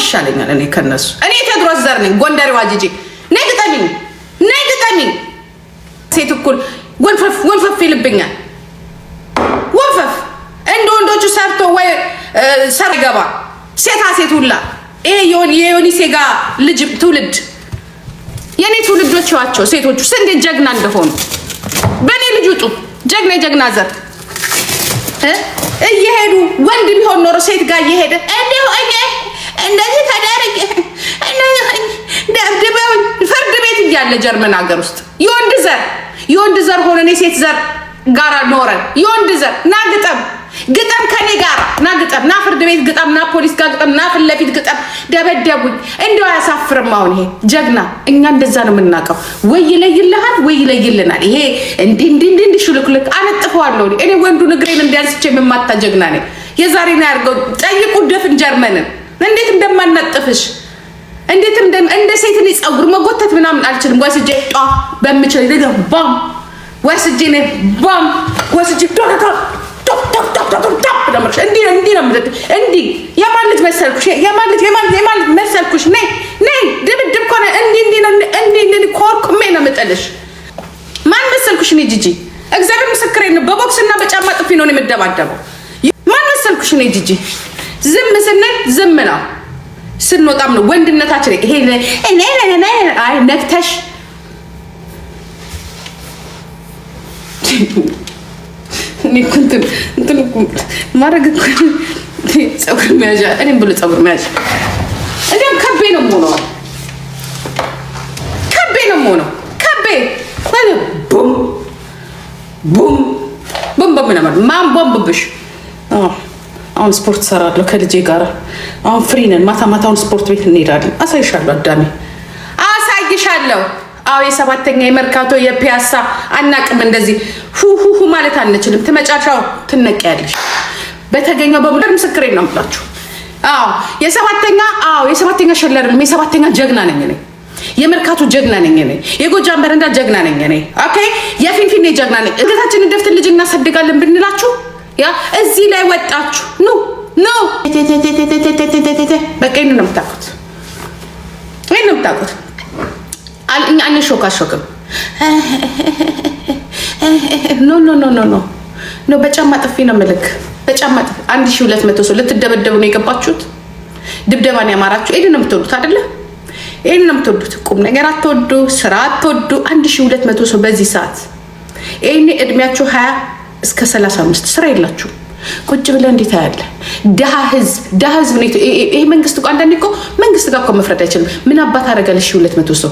ይሻለኛል። እኔ ከነሱ እኔ ቴድሮስ ዘር ነኝ። ጎንደሬዋ ጂጂ ነይ ግጠሚኝ፣ ነይ ግጠሚኝ። ሴት እኩል ወንፈፍ ወንፈፍ ይልብኛል። ወንፈፍ እንደ ወንዶቹ ሰርቶ ወይ ሰር ገባ ሴታ ሴት ሁላ ይሄ የዮኒ ሴጋ ልጅ ትውልድ የእኔ ትውልዶች ዋቸው ሴቶቹ ስንዴ ጀግና እንደሆኑ በእኔ ልጅ ውጡ። ጀግና የጀግና ዘር እየሄዱ ወንድ ቢሆን ኖሮ ሴት ጋር እየሄደ እንዲሁ እንደዚህ ተደርጌ ደብድበው ፍርድ ቤት እያለ ጀርመን ሀገር ውስጥ የወንድ ዘር የወንድ ዘር ሆነ እኔ ሴት ዘር ጋር ኖረን የወንድ ዘር ና ግጠም ግጠም ከኔ ጋር ና ግጠም ና ፍርድ ቤት ግጠም ና ፖሊስ ጋር ግጠም ና ፊት ለፊት ግጠም። ደበደቡኝ። እንደው አያሳፍርም? አሁን ይሄ ጀግና እኛ እንደዛ ነው የምናውቀው። ወይ ይለይልሃል ወይ ይለይልናል። ይሄ እንዲ እንዲ እንዲ እንዲህ ሽልክልክ አነጥፈዋለሁ እኔ ወንዱ ንግሬን እንዲያንስቼ የምማታ ጀግና ነኝ። የዛሬ ነው ያድርገው። ጠይቁ ደፍን ጀርመንን እንዴት እንደማናጠፍሽ እንዴት እንደ እንደ ሴት ልጅ ጸጉር መጎተት ምናምን አልችልም። ወስጄ ጧ በምችል ነገር ባም ወስጄ ነ ባም ወስጄ ዶረታ እንዲህ እንዲህ ነው የምልህ። እንዲህ የማን ልጅ መሰልኩሽ? የማን ልጅ የማን የማን ልጅ መሰልኩሽ? ነይ ነይ ድብድብ ኮነ እንዲህ እንዲህ ነው እንዲህ እንዲህ ኮርኩሜ ነው የምጥልሽ። ማን መሰልኩሽ? ነይ ጂጂ እግዚአብሔር ምስክሬ ነው። በቦክስና በጫማ ጥፊ ነው የምደባደበው። ማን መሰልኩሽ? ነይ ጂጂ ዝም ስንል ዝም ነው፣ ስንወጣም ነው ወንድነታችን። ይሄ አይ ነክተሽ ማድረግ ፀጉር መያዣ እኔም ብሎ ፀጉር መያዣ እንዲያውም ከቤ ነው ሆነ ከቤ ነው ሆነ ከቤ ቡም ቡም ቡም ቡም ነው ማን ቦምብብሽ አሁን ስፖርት ሰራለሁ ከልጄ ጋር። አሁን ፍሪ ነን። ማታ ማታውን ስፖርት ቤት እንሄዳለን። አሳይሻለሁ አዳሚ አሳይሻለሁ። አዎ የሰባተኛ የመርካቶ የፒያሳ አናቅም። እንደዚህ ሁሁሁ ማለት አንችልም። ትመጫሻው ትነቂያለሽ። በተገኘው በሙዳር ምስክሬን ነው የምላችሁ። አዎ የሰባተኛ አዎ የሰባተኛ ሸለርም የሰባተኛ ጀግና ነኝ ነኝ የመርካቱ ጀግና ነኝ እኔ። የጎጃም በረንዳ ጀግና ነኝ እኔ። ኦኬ የፊንፊኔ ጀግና ነኝ። እገታችን እንደፍትን ልጅ እናሳድጋለን ብንላችሁ ያ እዚህ ላይ ወጣችሁ ኑ ኑ በቃ ይሄን ነው የምታውቁት፣ ይሄን ነው የምታውቁት። እኛ አንሾካሾክም። ኖ ኖ ኖ ኖ ኖ በጫማ ጥፊ ነው ምልክ በጫማ ጥፊ። አንድ ሺህ ሁለት መቶ ሰው ልትደበደቡ ነው የገባችሁት። ድብደባን ያማራችሁ ይሄን ነው የምትወዱት አይደለም? ይሄን ነው የምትወዱት። ቁም ነገር አትወዱ፣ ስራ አትወዱ። አንድ ሺህ ሁለት መቶ ሰው በዚህ ሰዓት ይሄኔ እድሜያችሁ ሀያ እስከ 35 ስራ የላችሁ ቁጭ ብለህ እንዴት ያለ ድሃ ህዝብ ድሃ ህዝብ ነው። ይሄ መንግስት እኮ አንዳንዴ እኮ መንግስት ጋር እኮ መፍረድ አይችልም። ምን አባት አደረገልሽ? ሁለት መቶ ሰው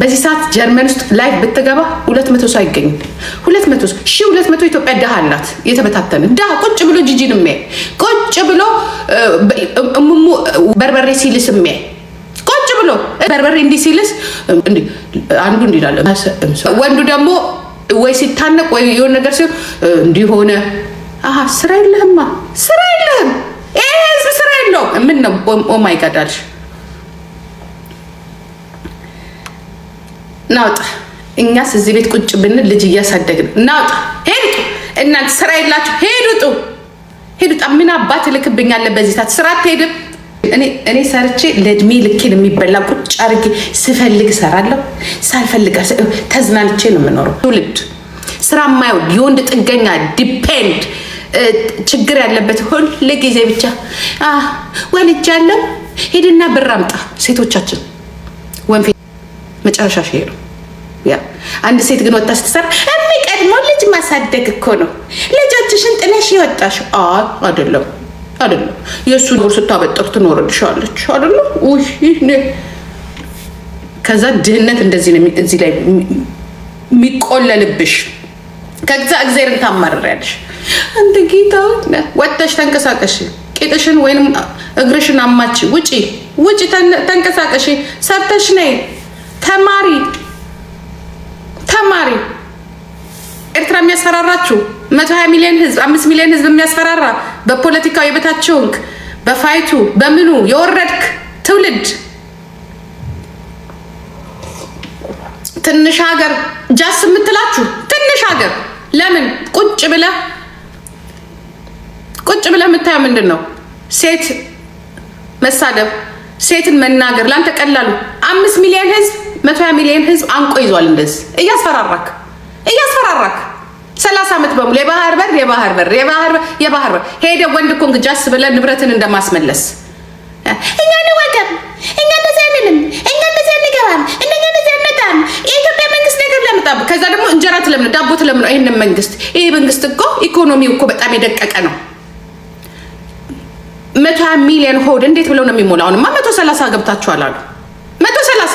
በዚህ ሰዓት ጀርመን ውስጥ ላይ ብትገባ ሁለት መቶ ሰው አይገኝም። ሁለት መቶ ሺ ሁለት መቶ ኢትዮጵያ ድሃ አላት፣ የተበታተነ ድሃ ቁጭ ብሎ ጂጂን የሚያይ ቁጭ ብሎ እሙሙ በርበሬ ሲልስ የሚያይ ቁጭ ብሎ በርበሬ እንዲህ ሲልስ አንዱ እንዲላለ ወንዱ ደግሞ ወይ ሲታነቅ ወይ የሆነ ነገር ሲሆን እንዲሆነ አሀ ስራ የለህማ፣ ስራ የለህም፣ ይሄ ህዝብ ስራ የለውም። ምን ነው ኦማይ ጋዳልሽ ናውጣ። እኛስ እዚህ ቤት ቁጭ ብንል ልጅ እያሳደግን ናውጣ። ሄዱ እናንተ ስራ የላችሁ ሄዱ ጡ ሄዱ ምን አባት እልክብኛለሁ በዚህ ሰዓት ስራ አትሄድም። እኔ ሰርቼ ለእድሜ ልኬን የሚበላ ቁጭ አርጌ ስፈልግ ሰራለሁ፣ ሳልፈልግ ተዝናንቼ ነው የምኖረው። ትውልድ ስራ የማይወድ የወንድ ጥገኛ ዲፔንድ ችግር ያለበት ሁል ጊዜ ብቻ ወልጃለሁ፣ ሄድና ብር አምጣ። ሴቶቻችን ወንፌ መጨረሻ ሽ ነው። አንድ ሴት ግን ወጣ ስትሰራ የሚቀድመው ልጅ ማሳደግ እኮ ነው። ልጆችሽን ጥለሽ የወጣሽ አይደለም አይደለም የእሱ ኖር ስታበጥር ትኖርልሻለች አይደለ? ከዛ ድህነት እንደዚህ ነው እዚህ ላይ የሚቆለልብሽ። ከዛ እግዚአብሔርን ታማርሪያለሽ። እንደ ጌታ ወጥተሽ ተንቀሳቀሽ። ቂጥሽን ወይም እግርሽን አማች ውጪ፣ ውጪ፣ ተንቀሳቀሽ፣ ሰርተሽ ነይ፣ ተማሪ፣ ተማሪ። ኤርትራ የሚያስፈራራችሁ መቶ ሀያ ሚሊዮን ህዝብ አምስት ሚሊዮን ህዝብ የሚያስፈራራ በፖለቲካው የበታቸውንክ በፋይቱ በምኑ የወረድክ ትውልድ ትንሽ ሀገር ጃስ የምትላችሁ ትንሽ ሀገር ለምን ቁጭ ብለ ቁጭ ብለ የምታየው ምንድን ነው? ሴት መሳደብ፣ ሴትን መናገር ለአንተ ቀላሉ። አምስት ሚሊዮን ህዝብ መቶ ሚሊዮን ህዝብ አንቆ ይዟል። እንደዚህ እያስፈራራክ እያስፈራራክ ሰላሳ ዓመት በሙሉ የባህር በር የባህር በር የባህር በር የባህር በር ሄደ። ወንድ እኮ እንግጃስ ብለን ንብረትን እንደማስመለስ እኛ አንዋጋም፣ እኛ እንደዚህ አንልም፣ እኛ እንደዚህ አንገባም፣ እኛ እንደዚህ አንመጣም። የኢትዮጵያ መንግስት ነገር ለመጣም ከዛ ደግሞ እንጀራ ትለምነው፣ ዳቦ ትለምነው። ይህንን መንግስት ይሄ መንግስት እኮ ኢኮኖሚው እኮ በጣም የደቀቀ ነው። መቶ ሚሊዮን ሆድ እንዴት ብለው ነው የሚሞላ? አሁንማ መቶ ሰላሳ ገብታችኋል አሉ። መቶ ሰላሳ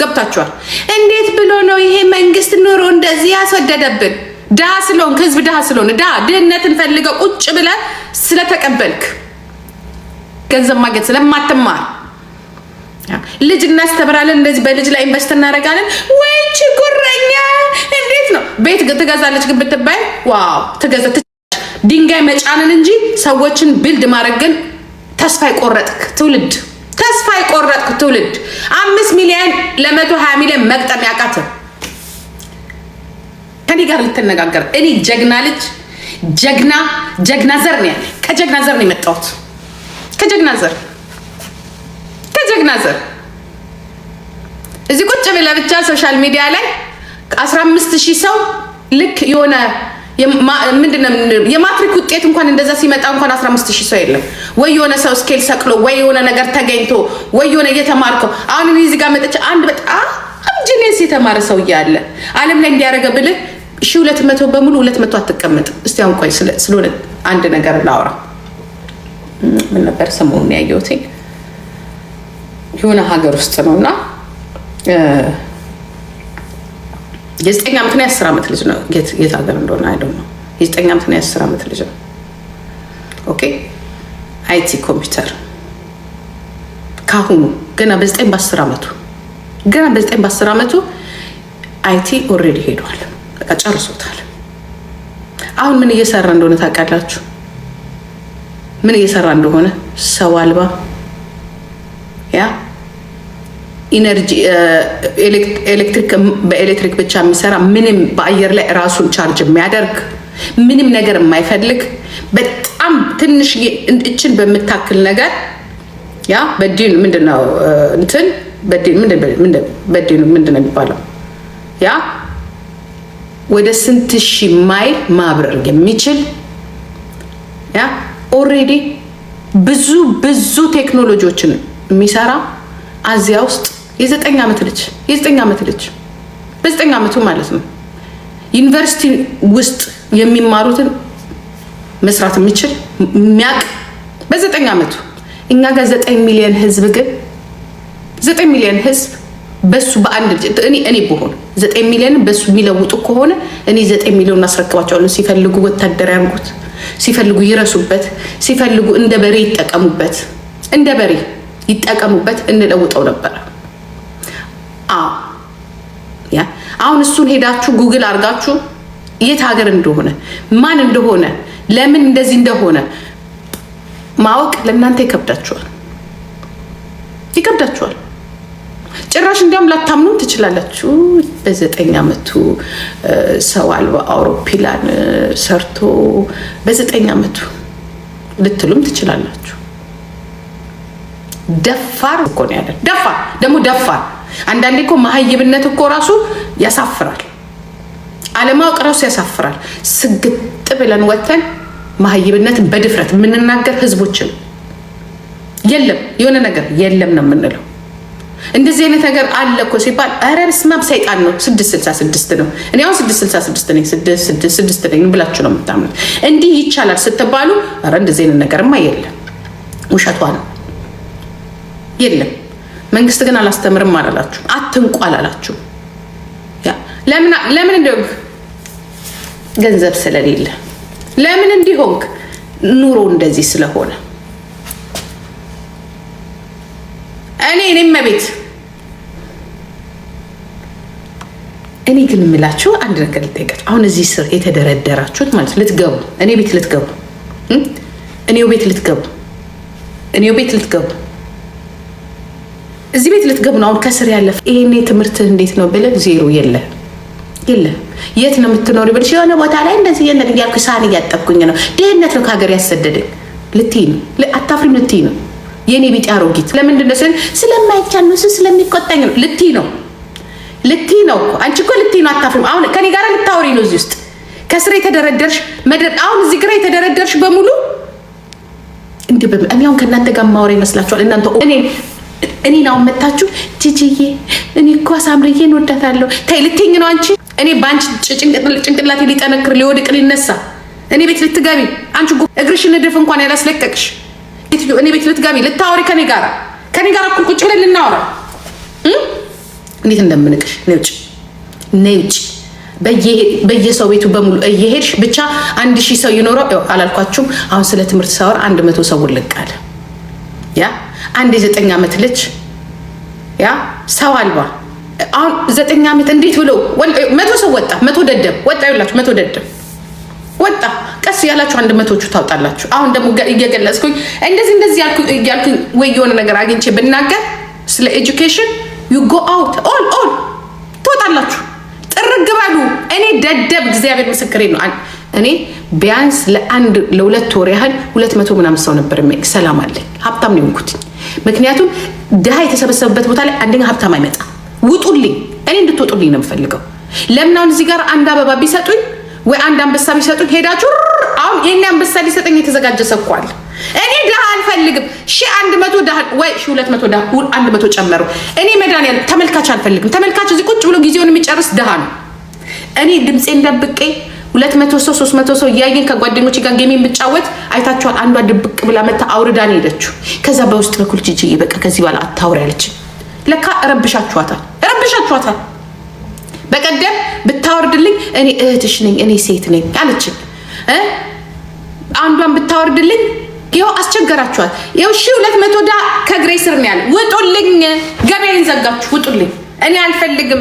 ገብታችኋል። እንዴት ብሎ ነው ይሄ መንግስት ኑሮ እንደዚህ ያስወደደብን? ድሃ ስለሆንክ ህዝብ ድሃ ስለሆን ድሃ ድህነትን ፈልገው ቁጭ ብለ ስለተቀበልክ ገንዘብ ማግኘት ስለማትማር ልጅ እናስተብራለን። እንደዚህ በልጅ ላይ ኢንቨስት እናደርጋለን ወይ ችጉረኛ እንዴት ነው ቤት ትገዛለች ግን ብትባይ ዋው ትገዘ ድንጋይ መጫንን እንጂ ሰዎችን ብልድ ማድረግን ተስፋ የቆረጥክ ትውልድ ተስፋ የቆረጥክ ትውልድ አምስት ሚሊዮን ለመቶ ሀያ ሚሊዮን መቅጠም ያቃትም ከኔ ጋር ልትነጋገር እኔ ጀግና ልጅ ጀግና ጀግና ዘር ነው ያለ። ከጀግና ዘር ነው የመጣሁት። ከጀግና ዘር ከጀግና ዘር እዚህ ቁጭ ብለህ ብቻ ሶሻል ሚዲያ ላይ አስራ አምስት ሺህ ሰው ልክ የሆነ ምንድነው የማትሪክ ውጤት እንኳን እንደዛ ሲመጣ እንኳን አስራ አምስት ሺህ ሰው የለም ወይ የሆነ ሰው ስኬል ሰቅሎ ወይ የሆነ ነገር ተገኝቶ ወይ የሆነ እየተማርከው አሁን እዚህ ጋር መጠች አንድ በጣም ጂኔስ የተማረ ሰው እያለ አለም ላይ እንዲያደረገ ብልህ ሺ ሁለት መቶ በሙሉ ሁለት መቶ አትቀመጥም። እስቲ አሁን ቆይ ስለሆነ አንድ ነገር ላውራ። ምን ነበር ሰሞኑን ያየሁት የሆነ ሀገር ውስጥ ነው እና የዘጠኝ ዓመት ነው የአስር ዓመት ልጅ ነው የት ሀገር እንደሆነ አይደ ነው የዘጠኝ ዓመት ነው የአስር ዓመት ልጅ ነው። ኦኬ አይቲ ኮምፒውተር ካሁኑ ገና በዘጠኝ በአስር ዓመቱ ገና በዘጠኝ በአስር ዓመቱ አይቲ ኦልሬዲ ሄዷል። በቃ ጨርሶታል። አሁን ምን እየሰራ እንደሆነ ታውቃላችሁ? ምን እየሰራ እንደሆነ ሰው አልባ ያ ኢነርጂ ኤሌክትሪክ በኤሌክትሪክ ብቻ የሚሰራ ምንም በአየር ላይ ራሱን ቻርጅ የሚያደርግ ምንም ነገር የማይፈልግ በጣም ትንሽ እችን በምታክል ነገር ያ በዲኑ ምንድነው እንትን በዲኑ ምንድነው የሚባለው ያ ወደ ስንት ሺ ማይል ማብረር የሚችል ያ ኦሬዲ ብዙ ብዙ ቴክኖሎጂዎችን የሚሰራ አዚያ ውስጥ የዘጠኝ ዓመት ልጅ የዘጠኝ ዓመት ልጅ በዘጠኝ ዓመቱ ማለት ነው ዩኒቨርሲቲ ውስጥ የሚማሩትን መስራት የሚችል የሚያቅ በዘጠኝ ዓመቱ እኛ ጋር ዘጠኝ ሚሊዮን ህዝብ ግን ዘጠኝ ሚሊዮን ህዝብ በሱ በአንድ እኔ እኔ ብሆን ዘጠኝ ሚሊዮን በሱ የሚለውጡ ከሆነ እኔ ዘጠኝ ሚሊዮን እናስረክባቸዋለን። ሲፈልጉ ወታደር ያርጉት፣ ሲፈልጉ ይረሱበት፣ ሲፈልጉ እንደ በሬ ይጠቀሙበት፣ እንደ በሬ ይጠቀሙበት፣ እንለውጠው ነበረ። አሁን እሱን ሄዳችሁ ጉግል አድርጋችሁ የት ሀገር እንደሆነ ማን እንደሆነ ለምን እንደዚህ እንደሆነ ማወቅ ለእናንተ ይከብዳችኋል፣ ይከብዳችኋል። ጭራሽ እንዲያውም ላታምኑም ትችላላችሁ። በዘጠኝ ዓመቱ ሰው አልባ አውሮፕላን ሰርቶ በዘጠኝ ዓመቱ ልትሉም ትችላላችሁ። ደፋር እኮ ነው ደፋር ደግሞ ደፋር። አንዳንዴ እኮ መሀይብነት እኮ ራሱ ያሳፍራል። አለማወቅ ራሱ ያሳፍራል። ስግጥ ብለን ወተን መሀይብነትን በድፍረት የምንናገር ህዝቦችን የለም የሆነ ነገር የለም ነው የምንለው እንደዚህ አይነት ነገር አለ እኮ ሲባል ኧረ በስመ አብ ሰይጣን ነው። ስድስት ስልሳ ስድስት ነው። እኔ አሁን ስድስት ስልሳ ስድስት ነኝ ስድስት ነኝ ብላችሁ ነው የምታምኑት። እንዲህ ይቻላል ስትባሉ ኧረ እንደዚህ አይነት ነገርማ የለም፣ ውሸቷ ነው የለም። መንግስት ግን አላስተምርም አላላችሁ፣ አትንቁ አላላችሁ። ለምን እንደሆንክ ገንዘብ ስለሌለ፣ ለምን እንዲሆንክ ኑሮ እንደዚህ ስለሆነ እኔ እኔም መቤት እኔ ግን የምላችሁ አንድ ነገር ልጠይቃችሁ። አሁን እዚህ ስር የተደረደራችሁት ማለት ልትገቡ እኔ ቤት ልትገቡ እኔው ቤት ልትገቡ እኔው ቤት ልትገቡ እዚህ ቤት ልትገቡ ነው። አሁን ከስር ያለ ይሄኔ ትምህርት እንዴት ነው ብለህ ዜሮ የለ የለ የት ነው የምትኖሪ ብለሽ የሆነ ቦታ ላይ እንደዚህ የለን እያልኩ ሳን እያጠብኩኝ ነው ድህነት ነው ከሀገር ያሰደደኝ ልትይ ነው አታፍሪም ልትይ ነው የኔ ቢጫ አሮጊት ለምንድን ነው ስል ስለማይቻል ነው ስለሚቆጣኝ ነው ልቲ ነው ልቲ ነው አንቺ እኮ ልትይ ነው አታፍሪም አሁን ከኔ ጋር ልታወሪ ነው እዚህ ውስጥ ከስር የተደረደርሽ አሁን እዚህ ግራ የተደረደርሽ በሙሉ እንዲህ እኔ አሁን ከእናንተ ጋር ማወራ ይመስላችኋል እናንተ እኔ እኔን አሁን መታችሁ ጅጅዬ እኔ እኮ ሳምርዬ እንወዳታለሁ ተይ ልትይኝ ነው አንቺ እኔ በአንቺ ጭንቅላቴ ሊጠነክር ሊወድቅ ሊነሳ እኔ ቤት ልትገቢ አንቺ እግርሽን ንድፍ እንኳን ያላስለቀቅሽ እኔ ቤት ልትገቢ ልታወሪ ከኔ ጋር ከኔ ጋር እኩል ቁጭ ብለን ልናወራ እንዴት እንደምንቅሽ ነይ ውጭ ውጭ በየሰው ቤቱ በሙሉ እየሄድሽ ብቻ አንድ ሺህ ሰው ይኖረው አላልኳችሁም አሁን ስለ ትምህርት ሳወር አንድ መቶ ሰው ልቃል ያ አንድ የዘጠኝ ዓመት ልጅ ያ ሰው አልባ አሁን ዘጠኝ ዓመት እንዴት ብሎ መቶ ሰው ወጣ መቶ ደደብ ወጣ ይላችሁ መቶ ደደብ ወጣ ቀስ ያላችሁ አንድ መቶቹ ታውጣላችሁ። አሁን ደግሞ እየገለጽኩኝ እንደዚህ እንደዚህ ያልኩ ያልኩኝ ወይ የሆነ ነገር አግኝቼ ብናገር ስለ ኤጁኬሽን ዩ ጎ አውት ኦል ኦል ትወጣላችሁ። ጥርግ በሉ። እኔ ደደብ እግዚአብሔር ምስክሬ ነው። እኔ ቢያንስ ለአንድ ለሁለት ወር ያህል ሁለት መቶ ምናምን ሰው ነበር ሰላም አለ። ሀብታም ነው የሆንኩትኝ። ምክንያቱም ድሃ የተሰበሰበበት ቦታ ላይ አንደኛ ሀብታም አይመጣ። ውጡልኝ፣ እኔ እንድትወጡልኝ ነው የምፈልገው። ለምን አሁን እዚህ ጋር አንድ አበባ ቢሰጡኝ ወይ አንድ አንበሳ ቢሰጡኝ ሄዳችሁ አሁን ይህን አንበሳ ሊሰጠኝ የተዘጋጀ ሰኳል እኔ ድሃ አልፈልግም። ሺ አንድ መቶ ወይ ሺ ሁለት መቶ ድሃ አንድ መቶ ጨመሩ። እኔ መድኃኒዓለም ተመልካች አልፈልግም። ተመልካች እዚህ ቁጭ ብሎ ጊዜውን የሚጨርስ ድሃ ነው። እኔ ድምፄ እንደብቄ ሁለት መቶ ሰው ሶስት መቶ ሰው እያየን ከጓደኞች ጋር ጌሜን ብጫወት አይታችኋል። አንዷ ድብቅ ብላ መታ አውርዳን ሄደችው። ከዛ በውስጥ በኩል ጅጅ በቃ ከዚህ በኋላ አታውሪ አለች። ለካ ረብሻችኋታል፣ ረብሻችኋታል። በቀደም ብታወርድልኝ እኔ እህትሽ ነኝ እኔ ሴት ነኝ አለችኝ። አንዷን ብታወርድልኝ ይኸው አስቸገራችኋል። ይኸው ሺ ሁለት መቶ ዳ ከእግሬ ስር ነው ያለ። ውጡልኝ፣ ገበያዬን ዘጋችሁ፣ ውጡልኝ። እኔ አልፈልግም፣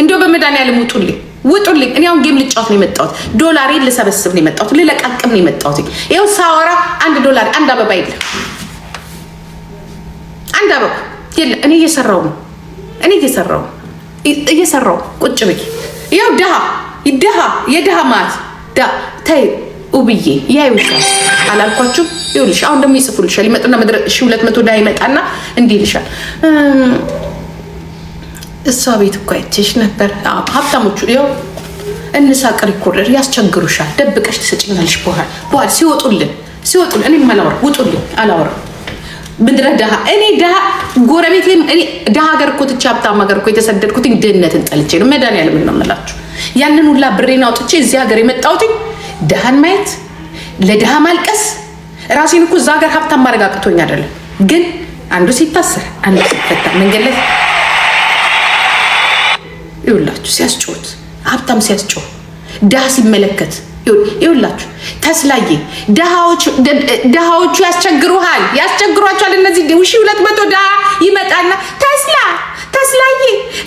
እንዲሁ በመድኃኒዓለም ውጡልኝ፣ ውጡልኝ። እኔ አሁን ጌም ልጫወት ነው የመጣሁት፣ ዶላሬ ልሰበስብ ነው የመጣሁት፣ ልለቃቅም ነው የመጣሁት። ይኸው ሳወራ አንድ ዶላር አንድ አበባ የለ፣ አንድ አበባ የለም። እኔ እየሰራሁ ነው፣ እኔ እየሰራሁ ነው፣ እየሰራሁ ቁጭ ብዬ ይኸው ድሃ ድሃ የድሃ ማለት ዳ ተይ ውብዬ ያ ይውሻል አላልኳችሁም? ይውልሽ አሁን ደግሞ ይጽፉልሻል። ይመጣና መድረ ሺ ሁለት መቶ ዳ ይመጣና እንዲህ ይልሻል። እሷ ቤት እኮ አይቼሽ ነበር። ሀብታሞቹ ያው እንሳቅ ሪኮርደር ያስቸግሩሻል። ደብቀሽ ትሰጭኛለሽ። በኋላ በኋላ ሲወጡልን ሲወጡልን እኔም አላወራም። ውጡልኝ፣ አላወራም ምድረ ድሃ እኔ ድሃ ጎረቤት ድሃ ሀገር እኮ ትቼ ሀብታም ሀገር እኮ የተሰደድኩትኝ ድህነትን ጠልቼ ነው። መድኃኒዓለም ነው የምላችሁ። ያንን ሁላ ብሬን አውጥቼ እዚህ ሀገር የመጣሁትኝ ድሃን ማየት፣ ለድሃ ማልቀስ፣ ራሴን እኮ እዛ ሀገር ሀብታም ማድረግ አቅቶኝ አይደለም። ግን አንዱ ሲታሰር አንዱ ሲፈታ መንገድ ላይ ይውላችሁ ሲያስጮት ሀብታም ሲያስጮህ ድሃ ሲመለከት ይውላችሁ ተስላዬ ድሃዎቹ ያስቸግሩሃል፣ ያስቸግሯቸዋል። እነዚህ ውሺ ሁለት መቶ ድሃ ይመጣና ተስላ ተስላዬ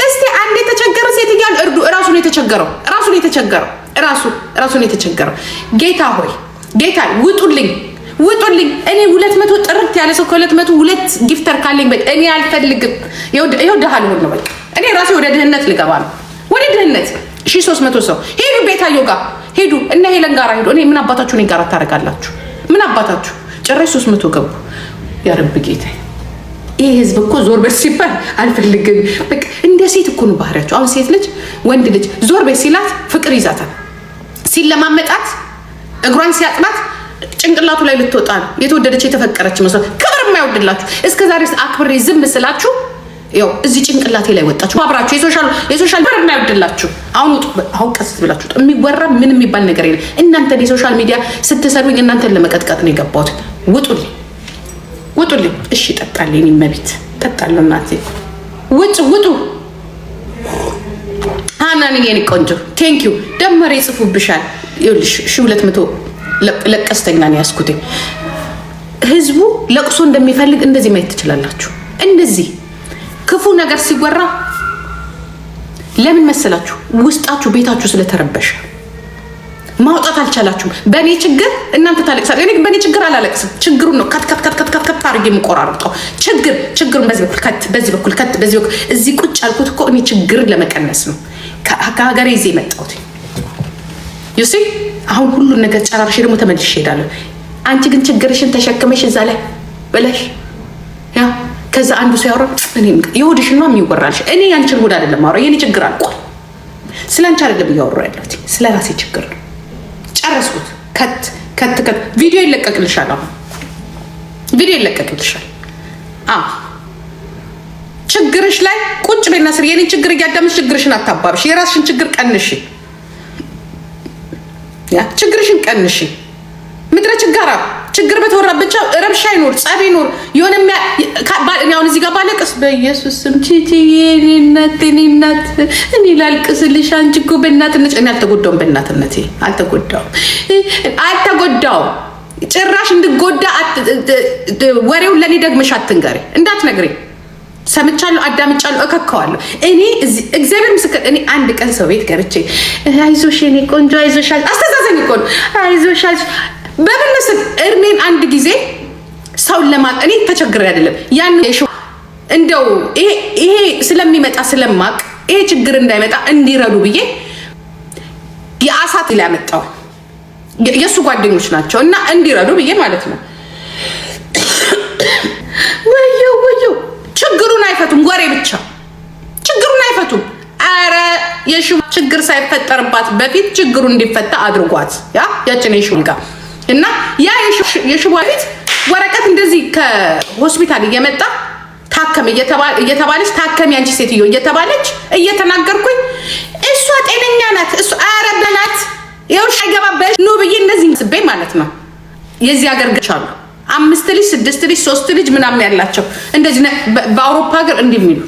እስቲ አንድ የተቸገረ ሴትዮዋን እርዱ። ራሱ ነው የተቸገረው፣ ራሱ ነው የተቸገረው፣ ራሱ ራሱ ነው የተቸገረው። ጌታ ሆይ ጌታ ውጡልኝ፣ ውጡልኝ። እኔ ሁለት መቶ ጥርት ያለ ሰው ከሁለት መቶ ሁለት ጊፍተር ካለኝ በቃ እኔ አልፈልግም። ይኸው ድሃ ልሆን ነው በቃ እኔ ራሴ ወደ ድህነት ልገባ ነው፣ ወደ ድህነት ሺህ ሦስት መቶ ሰው ሄዱ ቤታዮ ጋር ሄዱ እና ሄለን ጋር ሄዱ። እኔ ምን አባታችሁ እኔ ጋር ታደርጋላችሁ? ምን አባታችሁ ጭራሽ ሶስት መቶ ገቡ። ያረብ ጌታ ይህ ህዝብ እኮ ዞር በስ ሲባል አልፈልግም። በቃ እንደ ሴት እኮ ነው ባህሪያቸው። አሁን ሴት ልጅ ወንድ ልጅ ዞር በስ ሲላት ፍቅር ይዛታል። ሲለማመጣት እግሯን ሲያጥናት ጭንቅላቱ ላይ ልትወጣ ነው። የተወደደች የተፈቀረች መስሏት ክብር የማይወድላችሁ እስከ ዛሬ አክብሬ ዝም ስላችሁ ያው እዚህ ጭንቅላቴ ላይ ወጣችሁ አብራችሁ የሶሻል የሶሻል በር እናያወድላችሁ። አሁን ውጡ፣ አሁን ቀስ ብላችሁ የሚወራ ምን የሚባል ነገር የለም። እናንተን የሶሻል ሚዲያ ስትሰሩኝ እናንተን ለመቀጥቀጥ ነው የገባሁት። ውጡልኝ፣ ውጡልኝ። እሺ ጠጣልኝ፣ እኔ መቤት ጠጣለሁ። እናቴ ውጡ፣ ውጡ። ሀናን የኔ ቆንጆ ቴንክ ዩ ደመሬ ይጽፉብሻል። ሺ ሁለት መቶ ለቀስተኛ ነው ያስኩት። ህዝቡ ለቅሶ እንደሚፈልግ እንደዚህ ማየት ትችላላችሁ። እንደዚህ ክፉ ነገር ሲወራ ለምን መሰላችሁ? ውስጣችሁ ቤታችሁ ስለተረበሸ ማውጣት አልቻላችሁም። በእኔ ችግር እናንተ ታለቅሳል። እኔ በእኔ ችግር አላለቅስም። ችግሩን ነው ከት ከት ከት ከት አድርጌ የምቆራርጠው። ችግር ችግሩን በዚህ በኩል ከት፣ በዚህ በኩል ከት፣ በዚህ በኩል እዚህ ቁጭ አልኩት እኮ እኔ ችግር ለመቀነስ ነው ከሀገሬ ይዜ የመጣሁት። ዩሲ አሁን ሁሉን ነገር ጨራርሽ ደግሞ ተመልሽ ይሄዳለሁ። አንቺ ግን ችግርሽን ተሸክመሽ እዛ ላይ ብለሽ ከዛ አንዱ ሲያወራ የሆድሽን ነው የሚወራልሽ። እኔ ያንችን ሆድ አይደለም ማውራ፣ የኔ ችግር አልቋል። ስለ አንቺ አይደለም እያወራ ያለት ስለ ራሴ ችግር ነው። ጨረስኩት። ከት ከት ከት ቪዲዮ ይለቀቅልሻል። አሁን ቪዲዮ ይለቀቅልሻል። ችግርሽ ላይ ቁጭ ቤና ስር የኔን ችግር እያዳምሽ ችግርሽን አታባብሽ። የራስሽን ችግር ቀንሽ፣ ችግርሽን ቀንሽ። ምድረ ችጋራ ይኑር፣ ጸብ ይኑር። የሆነ አሁን እዚህ ጋር ባለቅስ በኢየሱስ ስም ቺቺዬ፣ እኔ እናት እኔ እናት እኔ ላልቅስልሽ። አንቺ እኮ በእናትነት እኔ አልተጎዳውም፣ በእናትነቴ አልተጎዳውም፣ አልተጎዳውም። ጭራሽ እንድጎዳ ወሬውን ለእኔ ደግመሽ አትንገሪ፣ እንዳትነግሪ። ሰምቻለሁ፣ አዳምጫለሁ፣ እከከዋለሁ። እኔ እግዚአብሔር ምስክር፣ እኔ አንድ ቀን ሰው ቤት ገርቼ አይዞሽ የኔ ቆንጆ አይዞሽ፣ አስተዛዘኝ እኮ ነው አይዞሽ በምንስል እርሜን አንድ ጊዜ ሰውን ለማ እኔ ተቸግሬ አይደለም ያን እንደው ይሄ ስለሚመጣ ስለማቅ ይሄ ችግር እንዳይመጣ እንዲረዱ ብዬ የአሳት ሊያመጣው የእሱ ጓደኞች ናቸው እና እንዲረዱ ብዬ ማለት ነው። ወየው ወየው ችግሩን አይፈቱም፣ ወሬ ብቻ ችግሩን አይፈቱም። አረ የሽ ችግር ሳይፈጠርባት በፊት ችግሩ እንዲፈታ አድርጓት ያ ያችን የሽ ጋር እና ያ የሽ በፊት ወረቀት እንደዚህ ከሆስፒታል እየመጣ ታከም እየተባለች ታከም ያንቺ ሴትዮ እየተባለች እየተናገርኩኝ እሷ ጤነኛ ናት እሷ አያረበናት በላት ይኸውልሽ አይገባበሽ ኑ ብዬ እንደዚህ ስቤ ማለት ነው የዚህ ሀገር ገቻሉ አምስት ልጅ ስድስት ልጅ ሶስት ልጅ ምናምን ያላቸው እንደዚህ በአውሮፓ ሀገር እንዲህ የሚሉ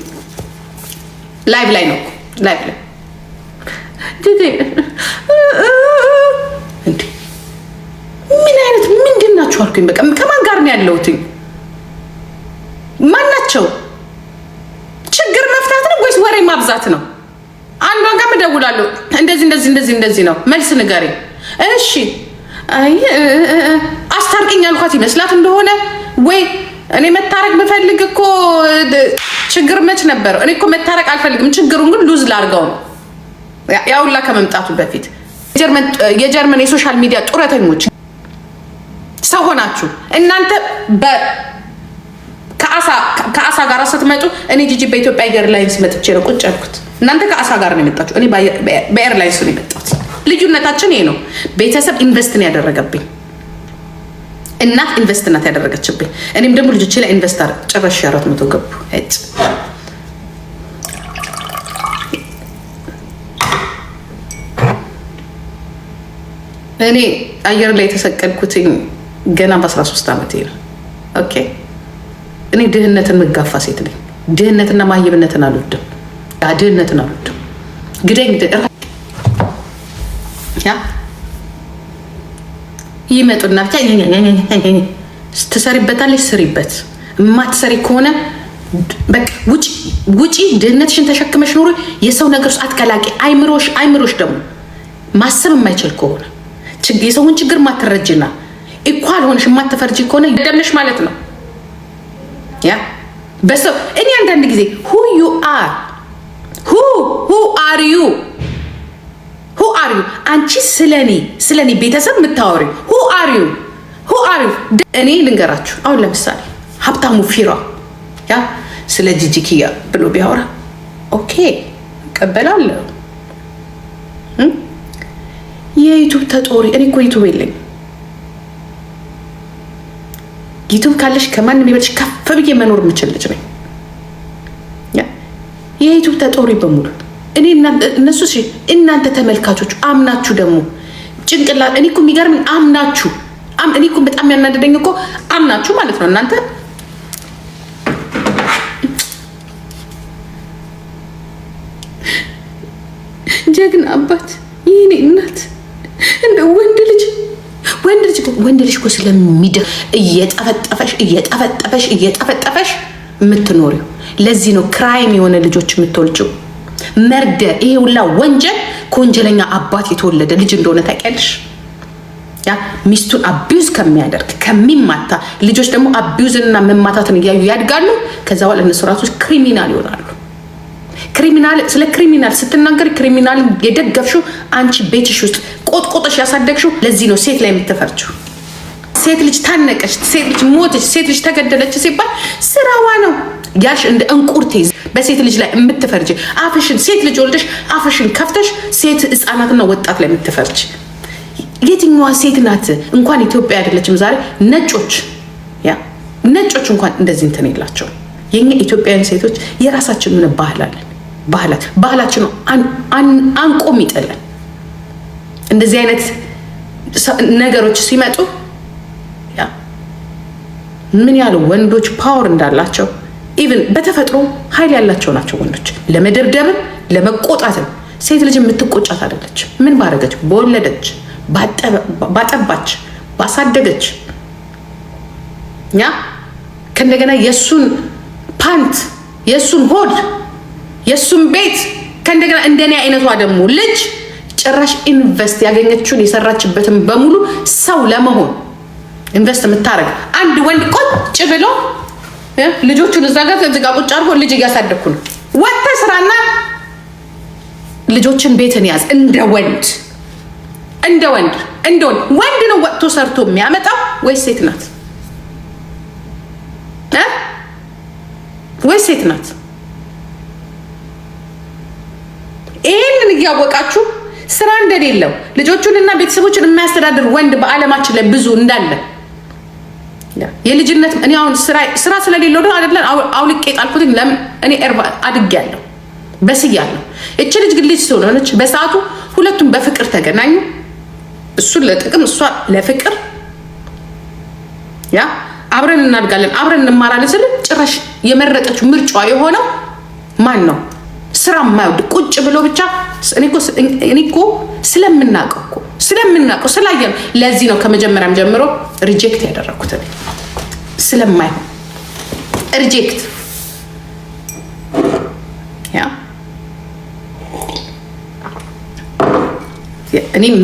ላይቭ ላይ ነው ላይቭ ላይ እንዴ ምን አይነት ምንድን ናቸው አልኩኝ። በቃ ከማን ጋር ነው ያለሁትኝ? ማን ናቸው? ችግር መፍታት ነው ወይስ ወሬ ማብዛት ነው? አንዷ ጋር እደውላለሁ። እንደዚህ እንደዚህ እንደዚህ እንደዚህ ነው መልስ ንገሪ። እሺ አስታርቅኝ አልኳት ይመስላት እንደሆነ ወይ እኔ መታረቅ ብፈልግ እኮ ችግር መች ነበር? እኔ እኮ መታረቅ አልፈልግም። ችግሩን ግን ሉዝ ላርገው ነው ያውላ ከመምጣቱ በፊት የጀርመን የሶሻል ሚዲያ ጡረተኞች ሰው ሆናችሁ እናንተ ከአሳ ጋር ስትመጡ እኔ ጂጂ በኢትዮጵያ አየር ላይንስ መጥቼ ነው ቁጭ ያልኩት። እናንተ ከአሳ ጋር ነው የመጣችሁ፣ እኔ በኤርላይንስ ነው የመጣሁት። ልዩነታችን ይሄ ነው። ቤተሰብ ኢንቨስት ነው ያደረገብኝ፣ እናት ኢንቨስት ናት ያደረገችብኝ። እኔም ደግሞ ልጆች ላይ ኢንቨስት ጨረሽ አራት መቶ ገቡ ጭ እኔ አየር ላይ የተሰቀልኩትኝ ገና በ13 ዓመቴ ነው። ኦኬ እኔ ድህነትን ምጋፋ ሴት ነኝ። ድህነትና ማየብነትን አልወድም። ድህነትን አልወድም። ግደኝ ይመጡና ብቻ ትሰሪበታለች። ስሪበት የማትሰሪ ከሆነ ውጪ። ድህነትሽን ተሸክመሽ ኖሮ የሰው ነገር ውስጥ አትቀላቂ። አይምሮሽ አይምሮሽ ደግሞ ማሰብ የማይችል ከሆነ የሰውን ችግር ማትረጅና ኢኳል ሆነሽ የማትፈርጂ ከሆነ ደምነሽ ማለት ነው። ያ በሰው እኔ አንዳንድ ጊዜ ሁ ዩ አር ሁ ሁ አር ዩ ሁ አር ዩ አንቺ ስለኔ ስለኔ ቤተሰብ የምታወሪው ሁ አር ዩ ሁ አር ዩ እኔ ልንገራችሁ። አሁን ለምሳሌ ሀብታሙ ፊራ ያ ስለ ጂጂኪያ ብሎ ቢያወራ ኦኬ እቀበላለሁ። የዩቱብ ተጦሪ እኔ እኮ ዩቱብ የለኝም ዩቱብ ካለሽ ከማንም ይበልሽ ከፍ ብዬ መኖር የምችል ልጅ ነኝ። የዩቱብ ተጦሪ በሙሉ እነሱ እናንተ ተመልካቾች አምናችሁ ደግሞ ጭንቅላት እኔ እኮ የሚገርምን አምናችሁ እኔ እኮ በጣም ያናደደኝ እኮ አምናችሁ ማለት ነው እናንተ ወንድ ልጅ እኮ ስለሚደ እየጠፈጠፈሽ እየጠፈጠፈሽ እየጠፈጠፈሽ የምትኖሪው ለዚህ ነው ክራይም የሆነ ልጆች የምትወልጅው። መርደር ይሄ ሁላ ወንጀል ከወንጀለኛ አባት የተወለደ ልጅ እንደሆነ ታውቂያለሽ። ያ ሚስቱን አቢዩዝ ከሚያደርግ ከሚማታ ልጆች ደግሞ አቢዩዝንና መማታትን እያዩ ያድጋሉ። ከዛ በኋላ እነሱ ክሪሚናል ይሆናሉ። ክሪሚናል ስለ ክሪሚናል ስትናገር ክሪሚናል የደገፍሽው አንቺ ቤትሽ ውስጥ ቆጥቆጠሽ ያሳደግሽው ለዚህ ነው ሴት ላይ የምትፈርችው። ሴት ልጅ ታነቀች፣ ሴት ልጅ ሞተች፣ ሴት ልጅ ተገደለች ሲባል ስራዋ ነው ያልሽ እንደ እንቁርቴ በሴት ልጅ ላይ የምትፈርጅ አፍሽን ሴት ልጅ ወልደሽ አፍሽን ከፍተሽ ሴት ህፃናትና ወጣት ላይ የምትፈርጅ የትኛዋ ሴት ናት? እንኳን ኢትዮጵያ አይደለችም ዛሬ ነጮች ያ ነጮች እንኳን እንደዚህ እንትን የላቸው። የኛ ኢትዮጵያውያን ሴቶች የራሳችን ምን ባህል አለን። ባህላት ባህላችን አንቆም ይጠለን እንደዚህ አይነት ነገሮች ሲመጡ ምን ያህል ወንዶች ፓወር እንዳላቸው ኢቭን በተፈጥሮ ኃይል ያላቸው ናቸው ወንዶች። ለመደብደብም ለመቆጣትም ሴት ልጅ የምትቆጫት አይደለች። ምን ባረገች፣ በወለደች፣ ባጠባች፣ ባሳደገች እኛ ከእንደገና የእሱን ፓንት የእሱን ሆድ የእሱን ቤት ከእንደገና እንደኔ አይነቷ ደግሞ ልጅ ጭራሽ ኢንቨስት ያገኘችውን የሰራችበትን በሙሉ ሰው ለመሆን ኢንቨስት የምታደርግ አንድ ወንድ ቁጭ ብሎ ልጆቹን እዛ ጋር ከዚህ ጋር ቁጭ አድርጎ ልጅ እያሳደግኩ ነው፣ ወጥተህ ስራና ልጆችን ቤትን ያዝ። እንደ ወንድ እንደ ወንድ እንደ ወንድ ወንድ ነው ወጥቶ ሰርቶ የሚያመጣው ወይስ ሴት ናት ወይስ ሴት ናት? ይህንን እያወቃችሁ ስራ እንደሌለው ልጆቹንና ቤተሰቦችን የሚያስተዳድር ወንድ በዓለማችን ላይ ብዙ እንዳለ የልጅነት እኔ አሁን ስራ ስለሌለው ደ አደለን አውልቄ ጣልኩትኝ። እኔ ርባ አድጌያለሁ፣ ያለው እች ልጅ ግን ልጅ ስለሆነች በሰዓቱ ሁለቱም በፍቅር ተገናኙ። እሱን ለጥቅም እሷ ለፍቅር ያ አብረን እናድጋለን፣ አብረን እንማራለን ስል ጭራሽ የመረጠችው ምርጫ የሆነው ማን ነው? ስራ የማይወድ ቁጭ ብሎ ብቻ እኔ እኮ ስለምናውቀው ስለምናውቀው ስላየ ለዚህ ነው ከመጀመሪያም ጀምሮ ሪጀክት ያደረኩት። ስለማይሆን ሪጀክት እኔም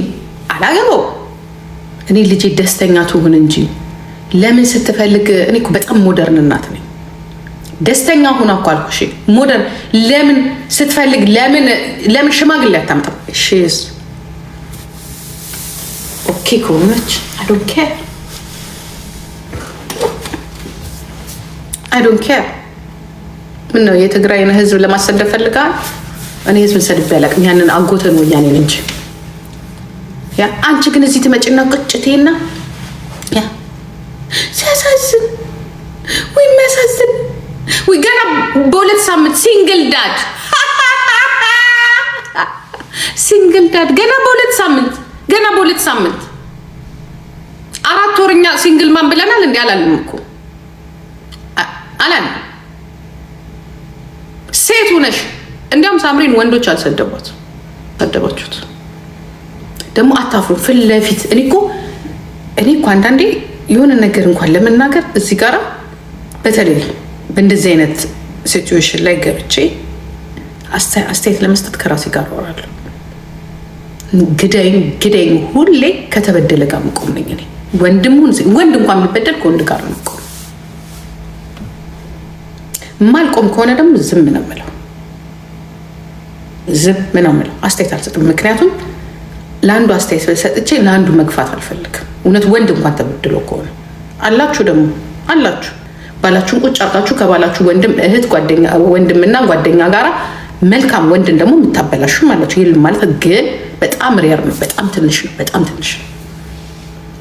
አላገባው እኔ ልጄ ደስተኛ ትሁን እንጂ ለምን ስትፈልግ እኔ በጣም ሞደርን እናት ነኝ። ደስተኛ ሁን እኮ አልኩሽ። ሞደርን ለምን ስትፈልግ ለምን ሽማግሌ አታምጣም? ኦኬ ከሆነች አይ ዶንት ኬር አይ ዶንት ኬር። ምን ነው የትግራይን ህዝብ ለማሰደብ ፈልጋል? እኔ ህዝብ ሰድቤ አላውቅም። ያንን አጎተን ወያኔ እንጂ ያ አንቺ ግን እዚህ ትመጭና ቅጭቴና ያ ሲያሳዝን ወይ የሚያሳዝን ወይ ገና በሁለት ሳምንት ሲንግል ዳድ ሲንግል ዳድ ገና በሁለት ሳምንት ገና በሁለት ሳምንት አራት ወርኛ ሲንግል ማን ብለናል እንዲ አላልም እኮ አላለ ሴቱ ነሽ። እንዲያውም ሳምሪን ወንዶች አልሰደቧት ሰደባችሁት። ደግሞ አታፍሩ ፊት ለፊት እኔ እኮ እኔ እኮ አንዳንዴ የሆነ ነገር እንኳን ለመናገር እዚህ ጋር በተለይ በእንደዚህ አይነት ሲትዌሽን ላይ ገብቼ አስተያየት ለመስጠት ከራሴ ጋር አወራለሁ። ግዳይም ግዳይም ሁሌ ከተበደለ ጋር መቆም ነኝ እኔ። ወንድም ወንድ እንኳን የሚበደል ከወንድ ጋር ነው ማልቆም ከሆነ ደግሞ ዝም ነው የምለው፣ ዝም ነው የምለው። አስተያየት አልሰጥም። ምክንያቱም ለአንዱ አስተያየት ሰጥቼ ለአንዱ መግፋት አልፈልግም። እውነት ወንድ እንኳን ተበድሎ ከሆነ አላችሁ ደግሞ አላችሁ ባላችሁን ቁጭ አርጋችሁ ከባላችሁ ወንድም እህት ወንድምና ጓደኛ ጋራ መልካም ወንድን ደግሞ የምታበላሹ ማለችሁ። ይህ ማለት ግን በጣም ሬር ነው። በጣም ትንሽ ነው። በጣም ትንሽ ነው።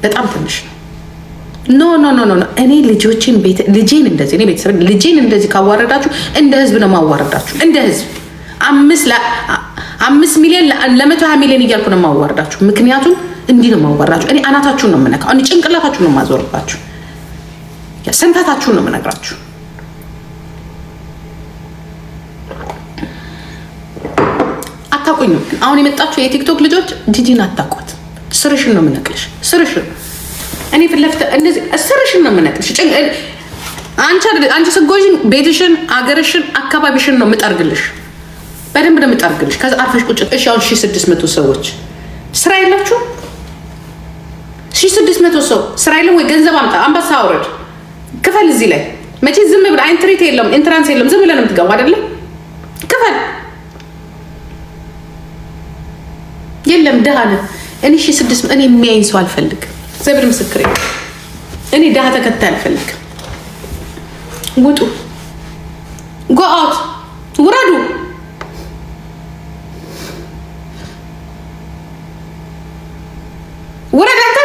በጣም ትንሽ ነው። ኖ ኖ ኖ ኖ እኔ ልጆችን ቤት ልጄን እንደዚህ እኔ ቤተሰብ ልጄን እንደዚህ ካዋረዳችሁ እንደ ህዝብ ነው ማዋረዳችሁ። እንደ ህዝብ አምስት ሚሊዮን ለመቶ ሀያ ሚሊዮን እያልኩ ነው ማዋረዳችሁ። ምክንያቱም እንዲህ ነው ማዋረዳችሁ። እኔ አናታችሁን ነው የምነካው። እኔ ጭንቅላታችሁ ነው የማዞርባችሁ። ሰንታታችሁን ነው የምነግራችሁ። አታቆኝም። አሁን የመጣችሁ የቲክቶክ ልጆች ጂጂን አታቋት። ስርሽን ነው የምነቅልሽ፣ ስርሽን እኔ ፊት ለፊት እንደዚህ እስርሽን ነው የምነቅልሽ። አንቺ ስትጎጂ ቤትሽን፣ አገርሽን፣ አካባቢሽን ነው የምጠርግልሽ። በደንብ ነው የምጠርግልሽ። ከዛ አርፈሽ ቁጭ። እሺ አሁን ሺህ ስድስት መቶ ሰዎች ስራ የላችሁ? ሺህ ስድስት መቶ ሰው ስራ የለም ወይ? ገንዘብ አምጣ፣ አንበሳ አውረድ፣ ክፈል። እዚህ ላይ መቼ ዝም ብለህ አይንትሪት የለም ኢንትራንስ የለም። ዝም ብለህ ነው የምትገቡ አይደለም? ክፈል የለም ደህና እኔ ሺህ ስድስት እኔ የሚያይን ሰው አልፈልግም። እግዚአብሔር ምስክሬ፣ እኔ ድሃ ተከታይ አልፈልግም። ውጡ፣ ጎአውት፣ ውረዱ። ውረድ፣ አንተ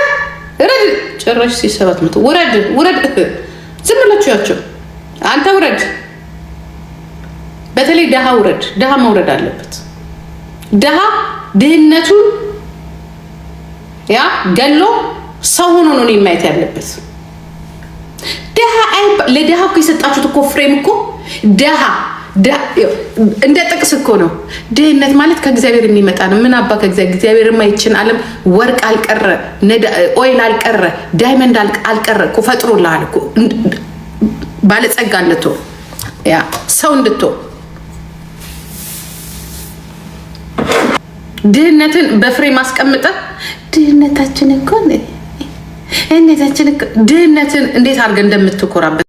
ውረድ። ጭራሽ ሺህ ሰባት መቶ ውረድ፣ ውረድ። ዝም ብላችሁ ያቸው አንተ ውረድ። በተለይ ድሃ ውረድ። ድሃ መውረድ አለበት። ድሃ ድህነቱን ያ ገሎ ሰው ሆኖ ነው ማየት ያለበት። ድሃ ለድሃ እኮ የሰጣችሁት እኮ ፍሬም እኮ ድሃ እንደ ጥቅስ እኮ ነው። ድህነት ማለት ከእግዚአብሔር የሚመጣ ነው። ምን አባ ከእግዚአብሔር ማይችን ዓለም ወርቅ አልቀረ ኦይል አልቀረ ዳይመንድ አልቀረ እኮ ፈጥሮልሃል እኮ ባለጸጋ እንድትሆን ያ ሰው እንድትሆን። ድህነትን በፍሬ ማስቀምጠ ድህነታችን እኮ እነዚያችን ድህነትን እንዴት አድርገን እንደምትኮራበት